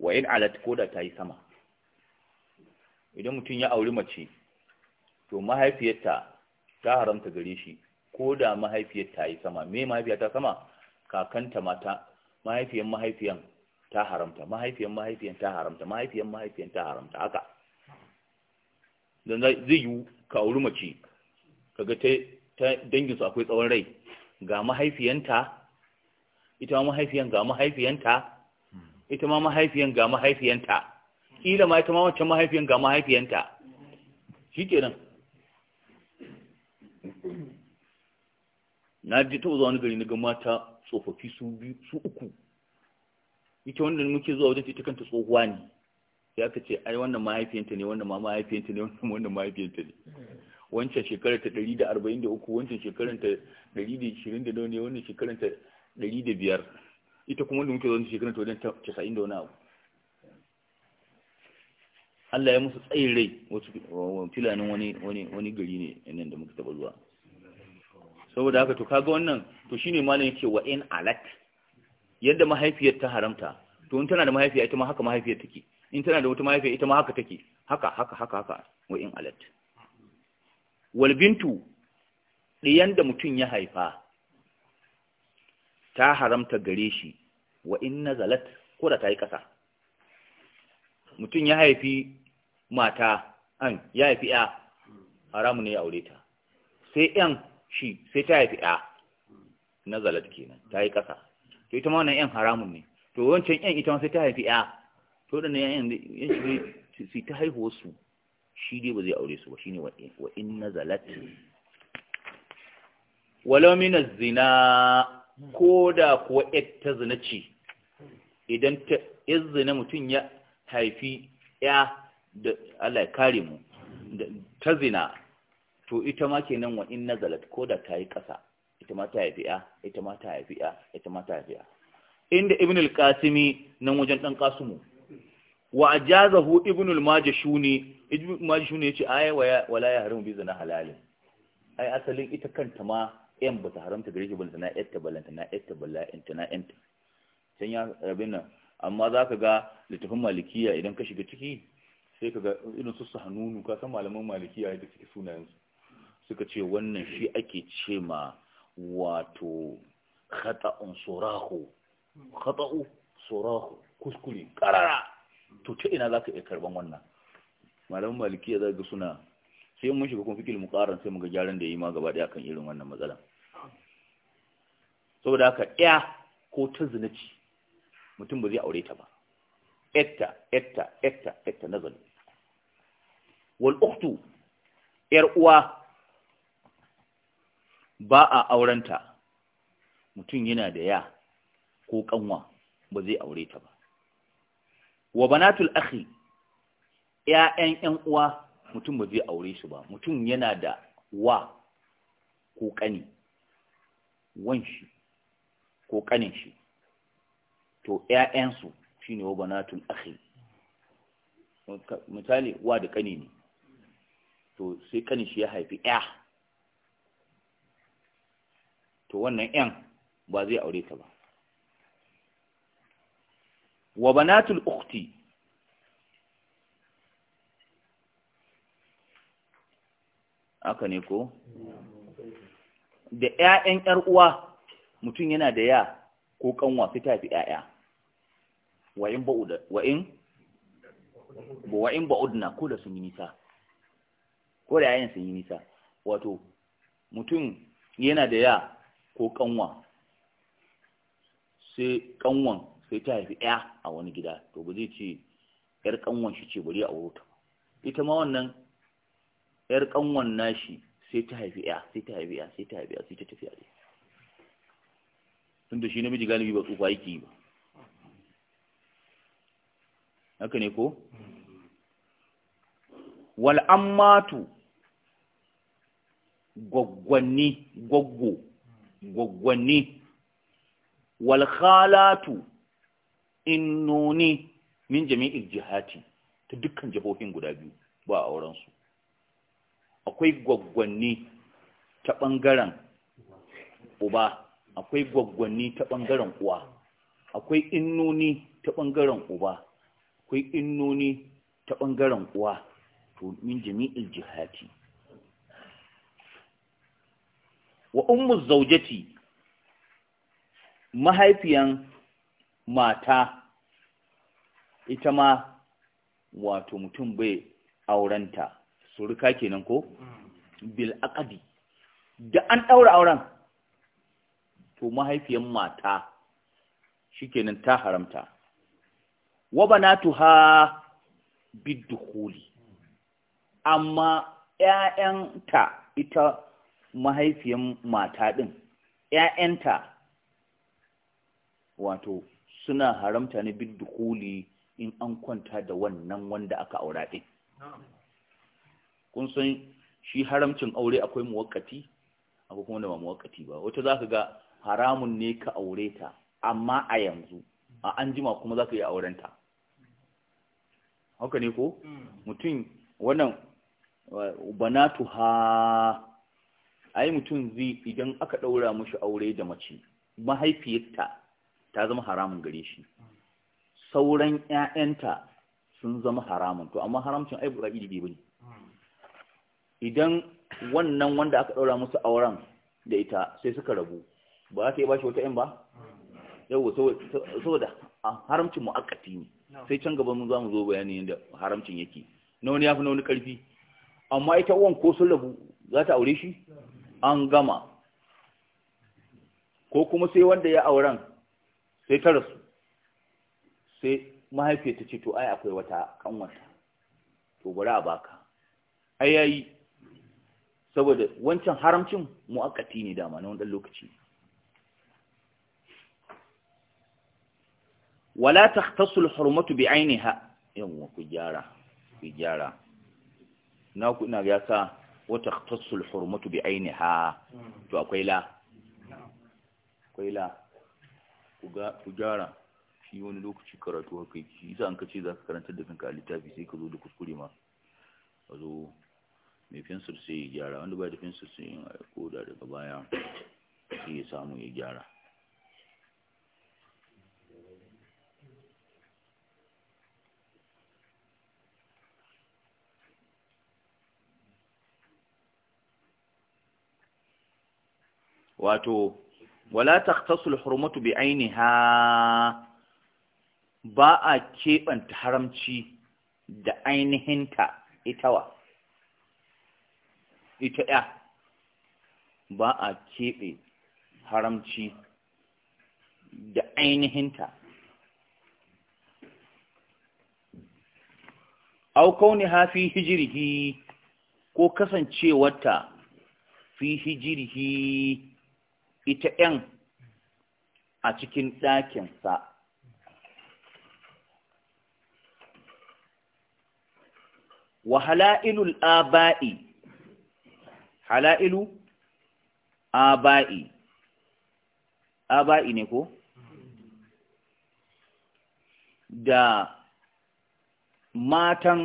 wa in alat ko da ta yi sama idan mutum ya auri mace to mahaifiyarta ta haramta gare shi ko da mahaifiyar ta yi sama me mahaifiyarta ta sama kakanta mata mahaifiyan mahaifiyan ta haramta mahaifiyan mahaifiyan ta haramta mahaifiyan mahaifiyan ta haramta haka don zai yi ka auri mace kaga ta ta danginsu akwai tsawon rai ga mahaifiyanta ita ma mahaifiyan ga mahaifiyanta ita ma mahaifiyan ga mahaifiyanta kila ma ita ma wancan mahaifiyan ga mahaifiyanta shikenan na ji taɓa zuwa gari na ga mata tsofaffi su biyu su uku ita wanda muke zuwa wajen ita kanta tsohuwa ne ya ka ce ai wannan mahaifiyanta ne wannan ma mahaifiyanta ne wannan wannan mahaifiyanta ne wancan shekarar ta 143 wancan shekarar ta da ne wannan shekarar ta 105 ita kuma wanda muke zo shekarar ta wajen 90 da wani abu Allah ya musu tsayin rai wasu filanin wani gari ne yanayin da muka taba zuwa saboda haka to kaga wannan to shine malam yake wa in alat yadda mahaifiyar ta haramta to in tana da mahaifiya ita ma haka mahaifiyar take in tana da wata mahaifiya ita ma haka take haka haka haka haka wa in alat wal bintu diyan da mutum ya haifa ta haramta gare shi wa in zalat ko da ta yi ƙasa mutum ya haifi mata an ya haifi ya haramu ne ya aure ta sai yan shi sai ta haifi ya zalat kenan ta yi ƙasa to ita ma wannan yan haramun ne to wancan yan ita ma sai ta haifi ya to da ne yan yan shi ta haihuwa su shi dai ba zai aure su ba ne wa in na zalat. min az-zina ko da kuwa ta zina ce idan ta na mutum ya haifi ya da Allah ya kare mu ta zina to ita ma kenan wa'in in nazalat ko da ta yi ƙasa ita ma ta haifi ya ita ma ta haifi ya ita ma ta haifi ya inda ibn al-qasimi nan wajen dan qasimu wa ajazahu ibn al-majashuni ibn al-majashuni yace ay wala ya harimu bi zina halalin ai asalin ita kanta ma yan ba ta haramta gare shi balanta na yatta balanta na yatta balanta na yanta can ya rabin nan amma za ka ga littafin malikiya idan ka shiga ciki sai ka ga irin su sahanunu ka san malaman malikiya da suke sunayensu suka ce wannan shi ake ce ma wato khata'un surahu khata'u surahu kuskure karara to ta ina za ka iya karban wannan malaman malikiya za ga suna sai mun shiga kuma fikil muqaran sai mu ga gyaran da yi ma gaba daya kan irin wannan matsalan saboda haka ɗaya ko ta zinaci mutum ba zai aure ta ba etta etta etta etta nazari wal uktu yar uwa ba a aurenta mutum yana da ya ko 'ƙanwa ba zai aure ta ba wa banatul akhi ƴaƴan ƴan uwa mutum ba zai aure su ba mutum yana da wa ko kani wanshi ko kanin shi to ƴaƴansu shine wa banatul akhi misali wa da kani ne to sai kanin shi ya haifi ƴa to wannan ƴan ba zai aure ta ba wa banatul ukhti aka ne ko da ƴaƴan ƴar uwa mutum yana da ya ko kanwa sai ta fi 'ya'ya, wa in ba'udna ko da sun yi nisa ko da yayin sun yi nisa wato mutum yana da ya ko kanwa sai kanwan sai ta haifi ƴa a wani gida to ba zai ce ‘yar kanwan shi ce bari a wuta ita ma wannan 'yar kanwan nashi sai ta haifi ƴa sai ta haifi ƴa sai ta haifi ƴa sai ta tafi a dai tunda shi namiji galibi ba tsufa yake ba haka ne ko wal ammatu gwaggwanni gwaggo gwaggwanni wal khalatu innoni min jami'il jihati ta dukkan jihohin guda biyu ba auren su akwai gwaggwanni ta ɓangaren uba akwai gwaggwanni ta ɓangaren uwa akwai innoni ta ɓangaren uba akwai innoni ta ɓangaren uwa to min jami'il jihati wa ummu zaujati mahaifiyan mata ita ma wato mutum bai aurenta suruka kenan ko mm. bil aqdi da an ɗaura auren to mahaifiyan mata shikenan ta haramta wa banatuha bidukhuli amma ta ita mahaifiyan mata din ƴaƴanta wato suna haramta ne bidukhuli in an kwanta da wannan wanda aka aura din kun san shi haramcin aure akwai muwakkati akwai kuma da ba muwakkati ba wata zaka ga haramun ne ka aure ta amma a yanzu a an jima kuma za ka yi ta haka ne ko mm. mutum wannan banatu ha ai mutum zai idan aka ɗaura mashi aure da mace mahaifiyarta ta zama haramun gare shi sauran 'ya'yanta sun zama haramun to amma haramcin ai ba ne mm. idan wannan wanda aka ɗaura musu auren da ita sai suka rabu ba ta yi ba shi wata ‘yan ba yau saboda haramcin mu'akkati ne sai can gaba mun za mu zo bayanin yadda haramcin yake na wani ya fi na wani ƙarfi amma ita uwan ko sun za ta aure shi an gama ko kuma sai wanda ya auren sai ta rasu sai mahaifiyar ta ce to ai akwai wata kanwata to bari a baka ai yayi saboda wancan haramcin mu'akkati ne dama na wani lokaci wala tasul hurmatu bi ainiha yawwa ku jara ku jara na ku ina ga sa wa tasul hurmatu bi ainiha to akwai la akwai la ku ga ku jara shi wani lokaci karatu haka shi isa an kace za ka karanta da kanka a littafi sai ka zo da kuskure ma a zo mai fensir sai ya gyara wanda ba da fensir sai ko koda daga baya sai ya samu ya gyara wato wala takhtasul hurmatu bi ainiha ba a keɓanta haramci da ainihinta itawa ita ya ba a keɓe haramci da ainihinta au kauni ha fi hijirhi ko kasancewarta fi hijirhi ita ‘yan a cikin ɗakinsa. Wa hala'ilul aba'i, hala'ilu aba'i, aba'i ne ko? Da matan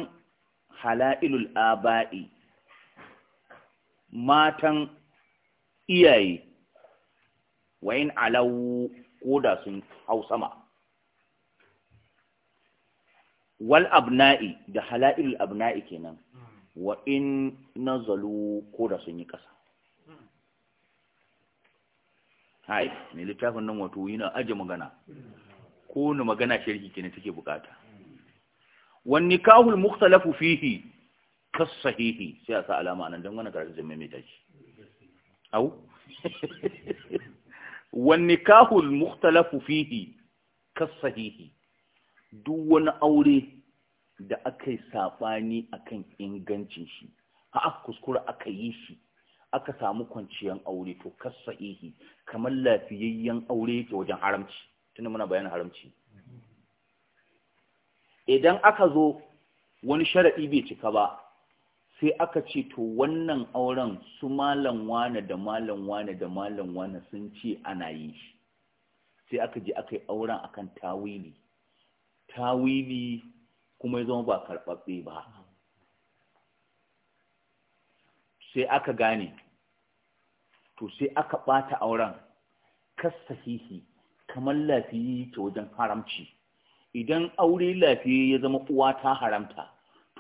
hala'ilul aba'i, matan iyaye. wayin alawu ko da sun hau sama wal abna'i da hala'il abna'i kenan wa in nazalu ko da sun yi ƙasa hai ne littafin nan wato yana aje magana ko ni magana sharhi kenan take bukata wan nikahul mukhtalafu fihi kas sahihi sai a sa alama nan dan wannan karatun zai maimaita shi au wani kahul mukhtalafu fihi kasahihi duk wani aure da aka yi saɓani a kan ingancin shi A aka kuskura aka yi shi aka samu kwanciyar aure to kasa kamar lafiyayyen aure yake wajen haramci tunda muna bayanin haramci idan aka zo wani sharaɗi bai cika ba sai aka ce to wannan auren su malam wane da malam wane da malam wane sun ce ana yi shi sai aka je aka yi auren akan tawili tawili kuma ya zama ba karɓaɓɓe ba sai aka gane to sai aka ɓata auren kasahihi kamar lafiyi ta wajen haramci idan aure lafiya ya zama uwa ta haramta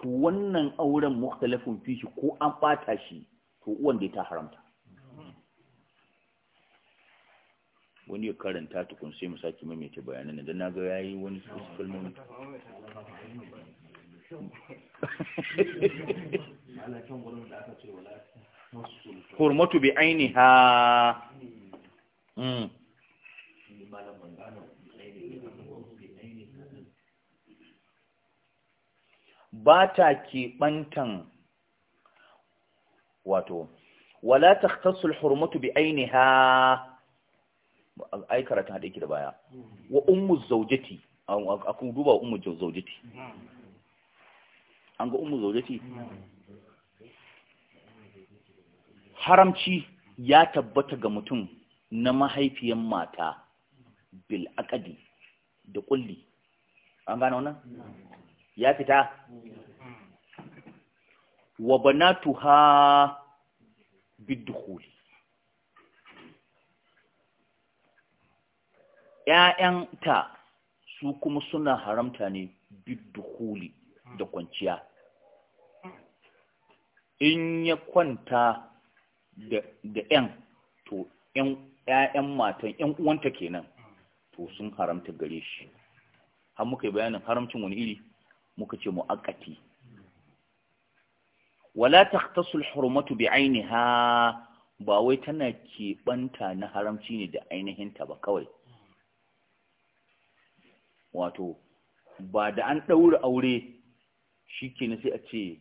to wannan auren muktalafin fishi ko an bata shi to uwan da ta haramta wani ya karanta tukun sai mu saki maimaita bayanan da na ga yayi wani kalmomi hurmatu bi ainiha mm ba ta keɓantan wato wala ta takhtassul hurmatu bi ainiha ai karatun hada ki da baya wa ummu zawjati akun duba ummu zawjati an ga ummu zawjati haramci ya tabbata ga mutum na mahaifiyan mata bil aqadi da kulli an gano nan ya fita wa banatuha bidukhuli ‘ya'yanta su kuma suna haramta ne bidukhuli da kwanciya in ya kwanta da ‘yan to ‘ya'yan matan ‘yan uwanta kenan to sun haramta gare shi har muka yi bayanin haramcin wani iri muka ce mu'akkati wala taqtasul hurmatu bi'ainiha ba wai tana keɓanta na haramci ne da ainihin ta ba kawai wato ba da an ɗaura aure shi ke sai a ce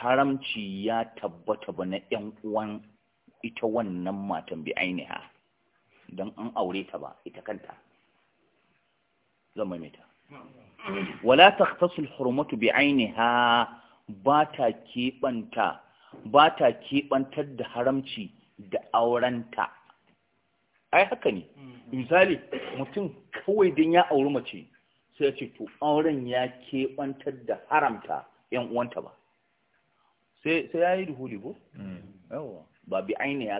haramci ya tabbata ba na ‘yan uwan ita wannan matan bi ainiha don an aure ta ba ita kanta zama mai ta wala takhtasul hurmatu bi'ainiha ba ta keɓanta ba ta keɓantar da haramci da aurenta ai haka ne mm-hmm. misali mutum kawai don ya auri mace sai ya ce to auren ya keɓantar da haramta yan uwanta ba sai ya yi duhuli ko mm-hmm. ba bi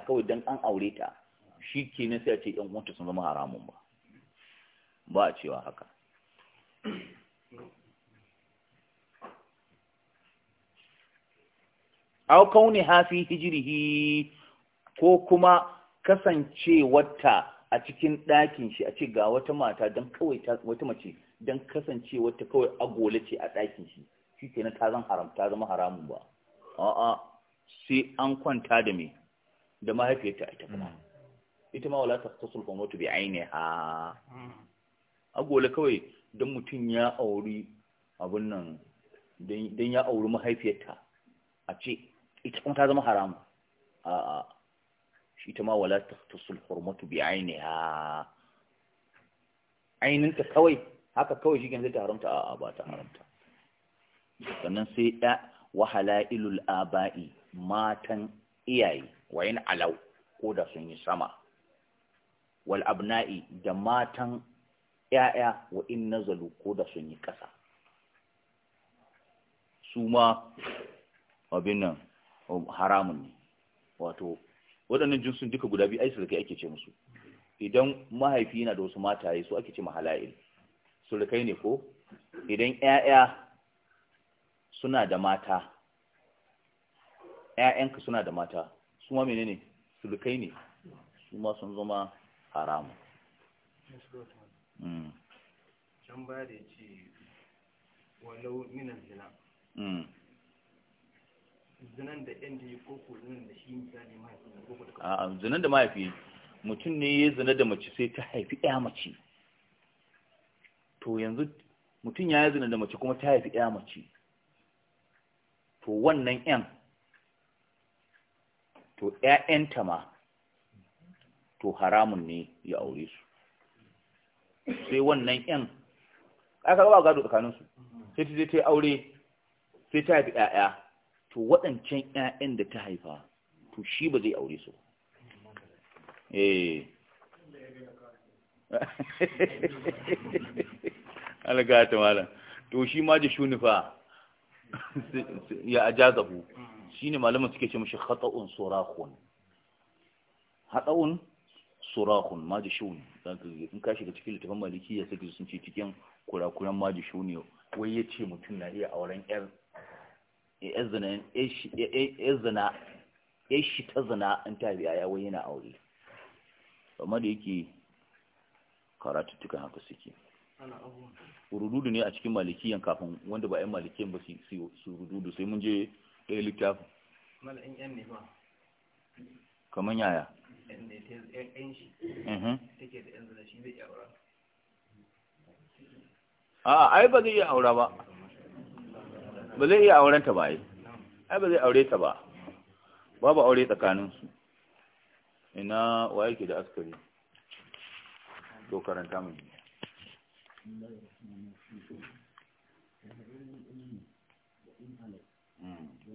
kawai don an aure ta shi kenan sai ya ce yan uwanta sun zama haramun ba ba a cewa haka aw kauni hafi hijirihi ko kuma kasancewarta a cikin ɗakin shi a ce ga wata mata don kawai wata mace don kasancewarta kawai agola ce a ɗakin shi shi ke na ta zan haram ta zama haramun ba a'a sai an kwanta da me da mahaifiyarta ita kuma mm. ita ma wala ta tasul kuma mutu bi ainiha mm. agola kawai don mutum ya auri abin nan don ya auri mahaifiyarta a ce ita kuma ta zama haramu a shi ta ma wala ta tasul hurmatu bi aini ha ta kawai haka kawai shi zai ta haramta a ba ta haramta sannan sai ya wahala ilul aba'i matan iyaye wayan alau ko da sun yi sama wal abna'i da matan ƴaƴa wa in nazalu ko da sun yi ƙasa su ma abin nan um, haramun ne wato waɗannan jinsun duka guda biyu aisa da kai ake ce musu idan mahaifi yana da wasu mataye su ake ce mahala'il surukai ne ko idan ƴaƴa suna da mata ƴaƴanka suna da mata su ma menene surukai ne su ma sun zama haramun Mm. can baya da mm. zinan da yan ko ko zinan da shi misali mahaifi zinan da mahaifi mutum ne ya zina da mace sai ta haifi ɗaya mace to yanzu mutum ya zina da mace kuma ta haifi ɗaya mace to wannan 'yan to ƴaƴanta ma to haramun ne ya aure su sai wannan yan aka ba gado tsakaninsu sai ta je ta aure sai ta haifi ƴaƴa to waɗancan ƴaƴan da ta haifa to shi ba zai aure su eh alga ta malam to shi ma ji shunifa ya ajazabu shine malaman suke ce mishi khata'un surakhun hada'un dan majishun in ka shiga cikin maliki ya saki sun ce cikin kurakuran majishun wai ya ce mutum na iya auren yar zina ya shi ta zana in ta biya ya wai yana aure amma da yake tukan haka suke rududu ne a cikin malikiyan kafin wanda ba 'yan malikiyan ba su rududu sai mun je ɗaya littafin kamar yaya da ta shi mhm. take da shi zai iya aura a ai ba zai iya aura ba ba zai iya auren ta ba ai ai ba zai aure ta ba babu aure tsakanin su ina wa yake da askari to karanta Mm.